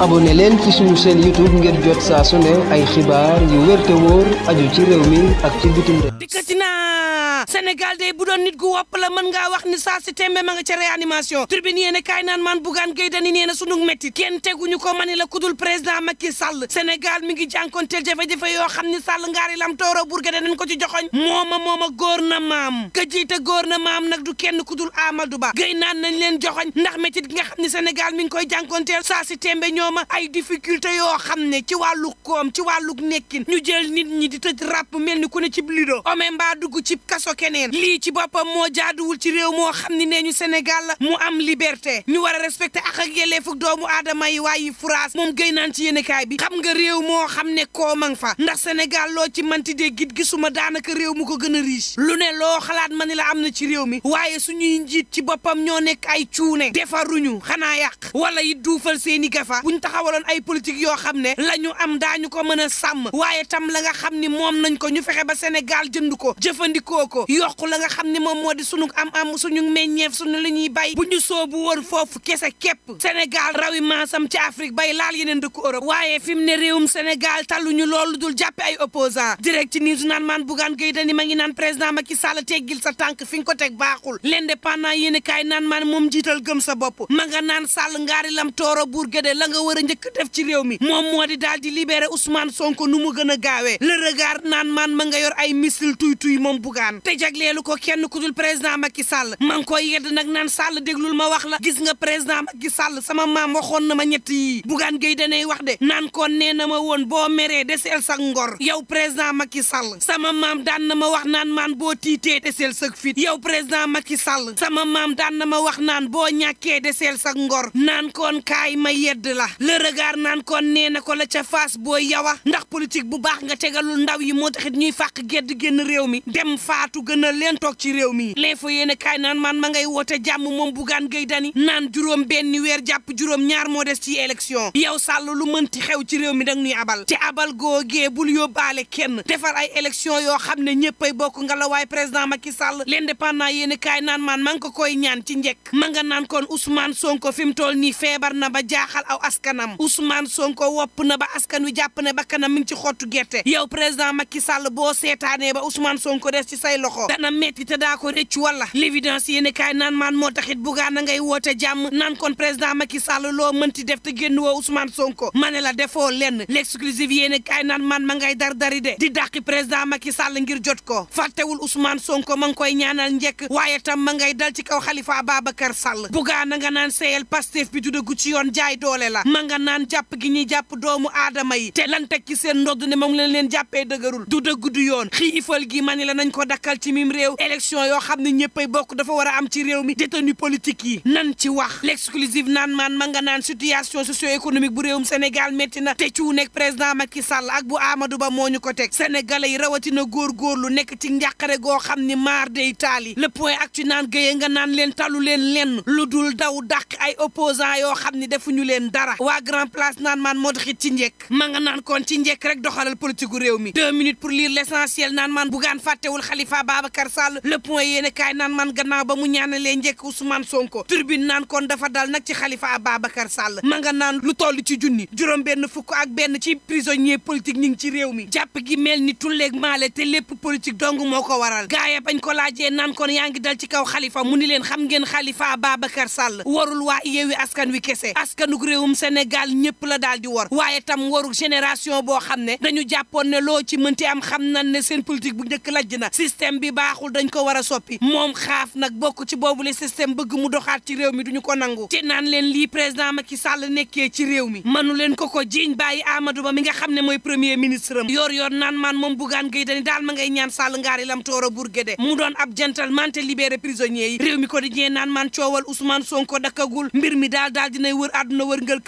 abonné leen ci suñu chaîne YouTube ngir jot saa su ne ay xibaar yu wér te aju ci réew mi ak ci bitim réew. de bu doon nit gu wopp la mën ngaa wax ni saa si tembe ma nga ca réanimation kaay naan man Bougane Gueye Dany nee na sunu métti kenn teguñu ko i la kudul président makki Sall Sénégal mi ngi jànkonteel jafe-jafe yoo xam ni Sall ngaari lam tooro burge danañ ko ci joxoñ mooma mooma góor na maam ka jiite góor na maam nag du kenn kudul du Ba Gueye naan nañ leen joxoñ ndax métti gi nga xam ni senegal mi ngi koy jànkonteel saa si ñoom ay difficulté yoo xam ne ci wàllu koom ci wàllu nekkin ñu jël nit ñi di tëj ràpp mel ni ku ne cib lido ome mbaa dugg cib kaso keneen lii ci boppam moo jaaduwul ci réew moo xam ni nee ñu Sénégal mu am liberte ñu war a respecté ak ak yelleefu doomu aadama yi waaye France moom gëy naan ci yéenekaay bi xam nga réew moo xam ne koom a ngi fa ndax Sénégal loo ci manti dee git gisuma daanaka réew mu ko gën a riche lu ne loo xalaat ma ni la am na ci réew mi waaye suñuy njiit ci boppam ñoo nekk ay cuune defaruñu xanaa yàq wala yi duufal seeni gafa buñ taxawaloon ay politique yoo xam ne la ñu am daañu ko mën a sàmm waaye tam la nga xam ni moom nañ ko ñu fexe ba Sénégal jënd ko jëfandikoo ko yokku la nga xam ni moom moo di suñu am am suñu meññeef suñu li ñuy bay bu ñu soobu woon foofu kese képp Sénégal rawi maasam ci Afrique bay laal yeneen dëkku Europe waaye fi mu ne réewum Sénégal taluñu loolu dul jàppe ay opposant direct ci niitu naan maan Bougane Gueye Dany ma ngi naan président Macky Sall teggil sa tànk fi nga ko teg baaxul l'indépendant yéen kaay naan maan moom jiital gëm sa bopp ma nga naan Sall ngaari lam tooro buur géde la nga war a njëkk def ci réew mi moom moo di daal di libéré Ousmane Sonko nu mu gën a gaawee le regard naan man ma nga yor ay missile tuy tuy moom bugaan te jagleelu ko kenn ku dul président Macky Sall ma ngi koy yedd nag naan sàll déglul ma wax la gis nga président Macky sàll sama maam waxoon na ma ñett yii bugaan gay danay wax de naan koon nee na ma woon boo meree deseel sa ngor yow président Macky Sall sama maam daan na ma wax naan man boo tiitee deseel sa fit yow président Macky Sall sama maam daan na ma wax naan boo ñàkkee deseel sa ngor naan kon kaay ma yedd la le regard naan kon nee na ko la ca face boo yawa ndax politique bu baax nga tegalul ndaw yi moo taxit ñuy fàq gedd génn réew mi dem faatu gën a leen toog ci réew mi l'info yéen a kaay naan man ma ngay woote jàmm moom bugaan gay dani naan juróom benn weer jàpp juróom ñaar moo des ci élection yow sàll lu mënti xew ci réew mi dang ñuy abal te abal googee bul yóbbaale kenn defar ay élection yoo xam ne ñëppay bokk nga la waaye président Macky sàll l'indépendant yéen kaay naan man ma nga ko koy ñaan ci njëkk ma nga naan kon Ousmane Sonko fi mu toll nii feebar na ba jaaxal aw askan bakkanam Ousmane Sonko wopp na ba askan jàpp ne bakkanam mi ngi ci xottu gerte yow président Macky Sall boo seetaanee ba Ousmane Sonko des ci say loxo dana metti te daa ko rëccu wala l'évidence yéen kaay naan maan moo taxit bugaan a ngay woote jàmm naan kon président Macky Sall loo mënti def te génn woo Ousmane Sonko ma ne la defoo lenn l'exclusive yéen kaay naan man ma ngay dar dari de di dàqi président Macky Sall ngir jot ko fàttewul Ousmane Sonko ma ngi koy ñaanal njekk waaye tam ma ngay dal ci kaw xalifa Khalifa Ababacar Sall bugaan a nga naan seeyal Pastef bi du dëggu ci yoon jaay doole la ma nga naan jàpp gi ñuy jàpp doomu aadama yi te lan teg ci seen ndodd ne moom lañ leen jàppee dëgërul du dëgg du yoon xiifal gi ma ni la nañ ko dakkal ci mim réew élection yoo xam ne ñëppay bokk dafa war a am ci réew mi détenu politique yi nan ci wax l'exclusive naan maan ma nga naan situation socio-économique bu réewum Sénégal métti na te ciu nekk président Macky Sall ak bu Amadou Ba moo ñu ko teg sénégalais yi rawatina góorgóorlu nekk ci njàqare goo xam ni maar day taali le point ak ci naan géye nga naan leen talu leen lenn lu dul daw dàq yoo xam ni defuñu leen waa grand place naan maan moo taxit ci njëkk ma nga naan kon ci njekk rek doxalal politique gu réew mi deux minutes pour lire l' essentiel naan maan bugaan fàttewul Khalifa Babacar Sall le point yéene kaay naan maan gannaaw ba mu ñaanalee njëkk Ousmane Sonko turbine naan kon dafa dal nag ci Khalifa Babacar Sall ma nga naan lu toll ci junni juróom benn fukk ak benn ci prisonnier politique ñi ci réew mi jàpp gi mel ni tulleeg maale te lépp politique dong moo ko waral gaaya bañ ko laajee naan kon yaa ngi dal ci kaw Khalifa mu ni leen xam ngeen Khalifa Babacar Sall warul waa yeewi askan wi kese askanug réewum Sénégal ñëpp la daal di war waaye tam génération boo xam ne dañu jàppoon ne loo ci mënti am xam nan ne seen politique bu njëkk lajj na système bi baaxul dañ ko war a soppi moom xaaf nag bokk ci boobu le système bëgg mu doxaat ci réew mi duñu ko nangu te naan leen lii président Macky Sall nekkee ci réew mi manu leen ko ko jiiñ bàyyi Amadou Ba mi nga xam ne mooy premier ministre am yoor yoor naan maan moom Bougane Gueye Dany daal ma ngay ñaan Sall ngaari lam tooro Bourguédé mu doon ab gentleman te libéré prisonniers yi réew mi ko di ñee naan maan coowal Ousmane Sonko dakkagul mbir mi daal daal dinay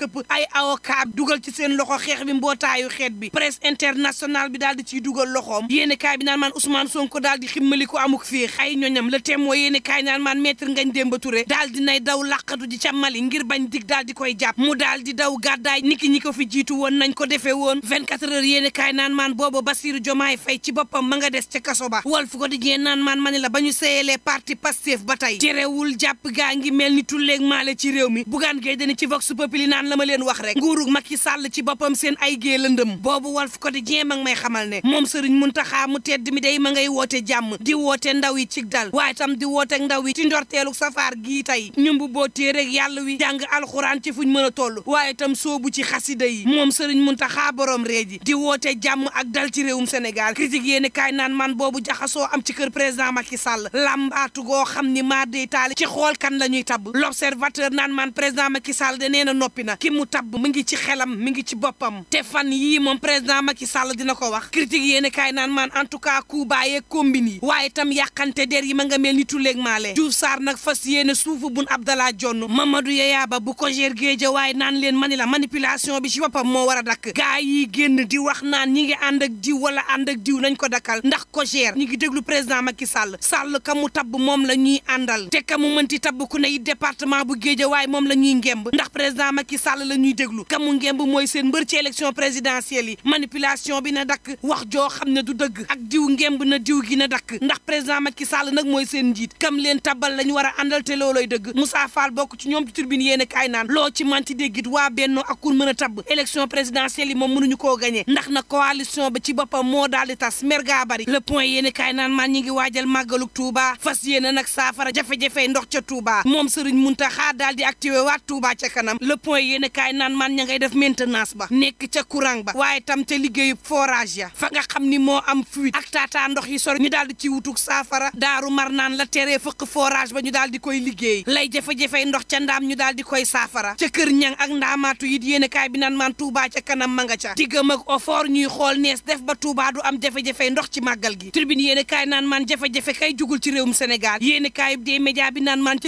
rëpp ay avocat dugal ci seen loxo xeex bi mbootaayu xeet bi presse internationale bi daal di ciy dugal loxoom yéeni kaay bi naan maan Ousmane Sonko daal di ximmali ko amuk féex ay ñoñam le témoin yéene kaay naan maan maître Ngagne Demba Touré daal di nay daw làqatu ji ca ngir bañ dig daal di koy jàpp mu daal di daw gàddaay niki ñi ko fi jiitu woon nañ ko defee woon 24 heures yéeni kaay naan maan booba Bassirou Diomaye Faye ci boppam ma nga des ca kaso ba Walf Quotidien naan maan ma la ba ñu seeyalee parti ba tey terewul jàpp gaa ngi mel ni tulleeg maale ci réew mi bugaan gay dana ci vox populi naan la ma leen wax rek nguurug Macky Sall ci boppam seen ay gée lëndëm boobu Walf Quotidien ma ngi may xamal ne moom sëriñ Muntaxa mu tedd mi day ma ngay woote jàmm di woote ndaw yi ci dal waaye tam di woote ndaw yi ci ndorteelu safaar gii tey ñum bu boo téere rek yàlla wi jàng alxuraan ci fuñ mën a toll waaye tam soobu ci xasida yi moom sëriñ Muntaxa borom ree ji di woote jàmm ak dal ci réewum Sénégal critique yéeni kaay naan man boobu jaxasoo am ci kër président Macky Sall làmbaatu goo xam ni maa day taali ci xool kan la ñuy tabb l'observateur naan man président Macky Sall de nee na noppi na ki mu tabb mi ngi ci xelam mi ngi ci boppam te fan yii moom président Macky Sall dina ko wax critique yéeni kaay naan maan en tout cas ku bàyyee combine yi waaye tam yàqante der yi ma nga mel ni tulleeg maale Diouf Sarr nag fas yéene suufu bun Abdallah Jonn Mamadou Yaya Ba bu ko kojèr géeja waaye naan leen mani la manipulation bi ci boppam moo war dakk gaa yi génn di wax naan ñi ngi ànd ak diw wala ànd ak diw nañ ko dakkal ndax ko kojèr ñi ngi déglu président Macky Sall Sall ka mu tabb moom la ñuy àndal te ka mu mënti tabb ku ne département bu géeja waaye moom la ñuy ngemb ndax président Macky Sall Sall la ñuy kamu ngemb mooy seen mbër ci élection présidentielle yi manipulation bi na dakk wax joo xam ne du dëgg ak diw ngemb na diw gi na dakk ndax président Macky Sall nag mooy seen njiit kam leen tabal lañ war a àndal te looloy dëgg Moussa Fall bokk ci ñoom ci turbine yéen a kaay naan loo ci manti déggit waa Benno ak kun mën a tabb élection présidentielle yi moom mënuñu koo gagné ndax na coalition ba ci boppam moo daal di tas mergaa bari le point yéen a kaay naan man ñi ngi waajal màggaluk Touba fas yéene nag jafe ndox ca Touba moom Serigne Mountakha daal di activé waat Touba ca kanam le point yéene kaay naan man ña ngay def maintenance ba nekk ca courant ba waaye tam ca liggéeyu forage ya fa nga xam ni moo am fuite ak taataa ndox yi sori ñu daal di ci wutuk saafara daaru mar naan la teree fëkk forage ba ñu daal di koy liggéey lay jafe-jafey ndox ca ndaam ñu daal di koy saafara ca kër ñang ak ndaamaatu it yéene kaay bi naan man Touba ca kanam ma nga ca diggam ak ofoor ñuy xool nees def ba Touba du am jafe-jafey ndox ci màggal gi tribune yéene kaay naan man jafe-jafe kay jugul ci réewum Sénégal yéene kaay des média bi naan gi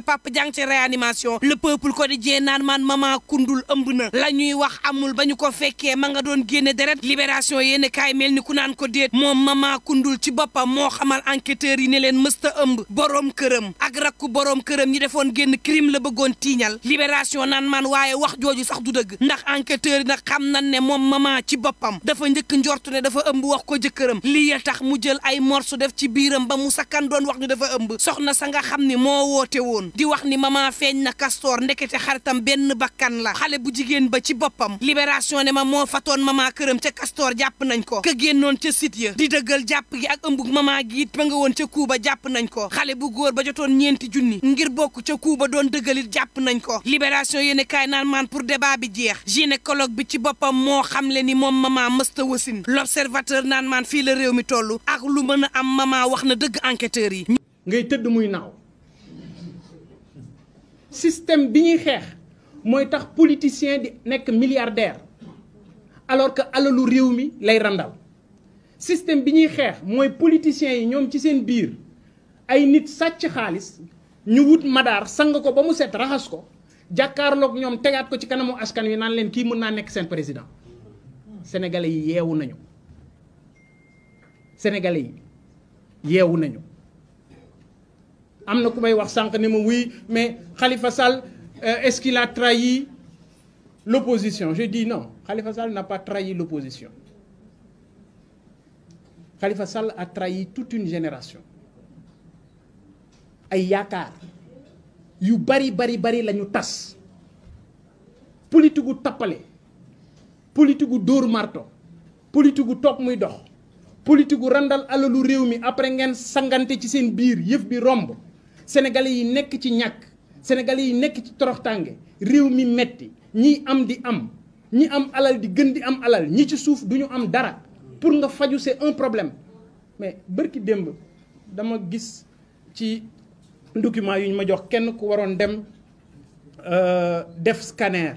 be Papa Dieng ci réanimation ko di quotidien naan maan maman kundul ëmb na la ñuy wax amul ba ñu ko fekkee ma nga doon génne deret libération yéen kaay mel ni ku naan ko déet moom maman kundul ci boppam moo xamal enquêteurs yi ne leen mësta ëmb boroom këram ak rakku boroom këram ñi defoon génn crime la bëggoon tiiñal libération naan maan waaye wax jooju sax du dëgg ndax enquêteurs yi nag xam nañ ne moom maman ci boppam dafa njëkk njortu ne dafa ëmb wax ko jëkkëram lii tax mu jël ay morceau def ci biiram ba mu sakkan wax ni dafa ëmb soxna sa nga xam ni moo woote woon di wax ni maman feeñ na Castor ndekete xaritam benn bakkan la xale bu jigéen ba ci boppam libération ne ma moo fatoon maman këram ca Castor jàpp nañ ko ka génnoon ca site ya di dëggal jàpp gi ak ëmbug ma gi giit ma nga woon ca Cuba jàpp nañ ko xale bu góor ba jotoon ñeenti junni ngir bokk ca Cuba doon dëggalit jàpp nañ ko libération yéene kaay naan maan pour débat bi jeex gynécologue bi ci boppam moo xamle ni moom maman mësta wasin l'observateur naan maan fii la réew mi toll ak lu mën a am maman wax na dëgg enquêteurs yi ngay tëdd muy naaw système bi ñuy xeex mooy tax politicien di nekk milliardaire alors que alalu réew mi lay randal système bi ñuy xeex mooy politiciens yi ñoom ci seen biir ay nit sàcc xaalis ñu wut madaar sang ko ba mu set raxas ko jàkkaarloog ñoom tegaat ko ci kanamu askan wi naan leen kii mën naa nekk seen président sénégalais yi yeewu nañu sénégalais yi yeewu nañu am na ku may wax sànq ne ma oui mais xalifa Sall euh, est-ce qu'il a trahi l'opposition je dis non Khalifa Sall n'a pas trahi l'opposition xalifa Sall a trahi tout une génération ay yaakaar yu bari bari bari lañu tas politique gu tappale politique gu dóor marto politique gu toog muy dox politique gu randal alalu réew mi après ngeen sangante ci seen biir yëf bi romb sénégalais yi nekk ci ñàkk sénégalais yi nekk ci toroxtànge réew mi metti ñi am di am ñi am alal di gën di am alal ñi ci suuf du ñu am dara pour nga faju c'est un problème mais bërki démb dama gis ci document yu ñu ma jox kenn ku waroon dem euh, def scanner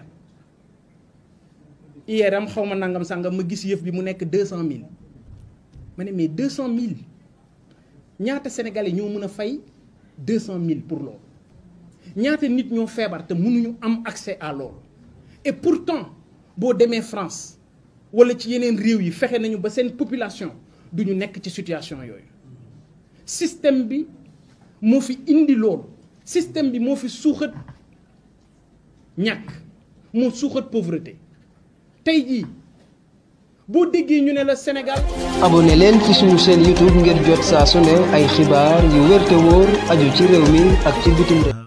IRM xaw ma nangam sàngam ma gis yëf bi mu nekk deux cent mille ma ne mais deux cent mille ñaata sénégalais ñoo mën a fay deux cent mille pour loolu ñaata nit ñoo feebar te mënuñu am accès à loolu et pourtant boo demee France wala ci yeneen réew yi fexe nañu ba seen population du ñu nekk ci situation yooyu système bi moo fi indi lool système bi moo fi suuxat ñàkk moo suuxat pauvreté tey jii boo déggee ñu ne la Sénégal. abonné leen ci sumu chaîne YouTube ngir jot saa su ay xibaar yu wér te aju ci réew mi ak ci bitim réew.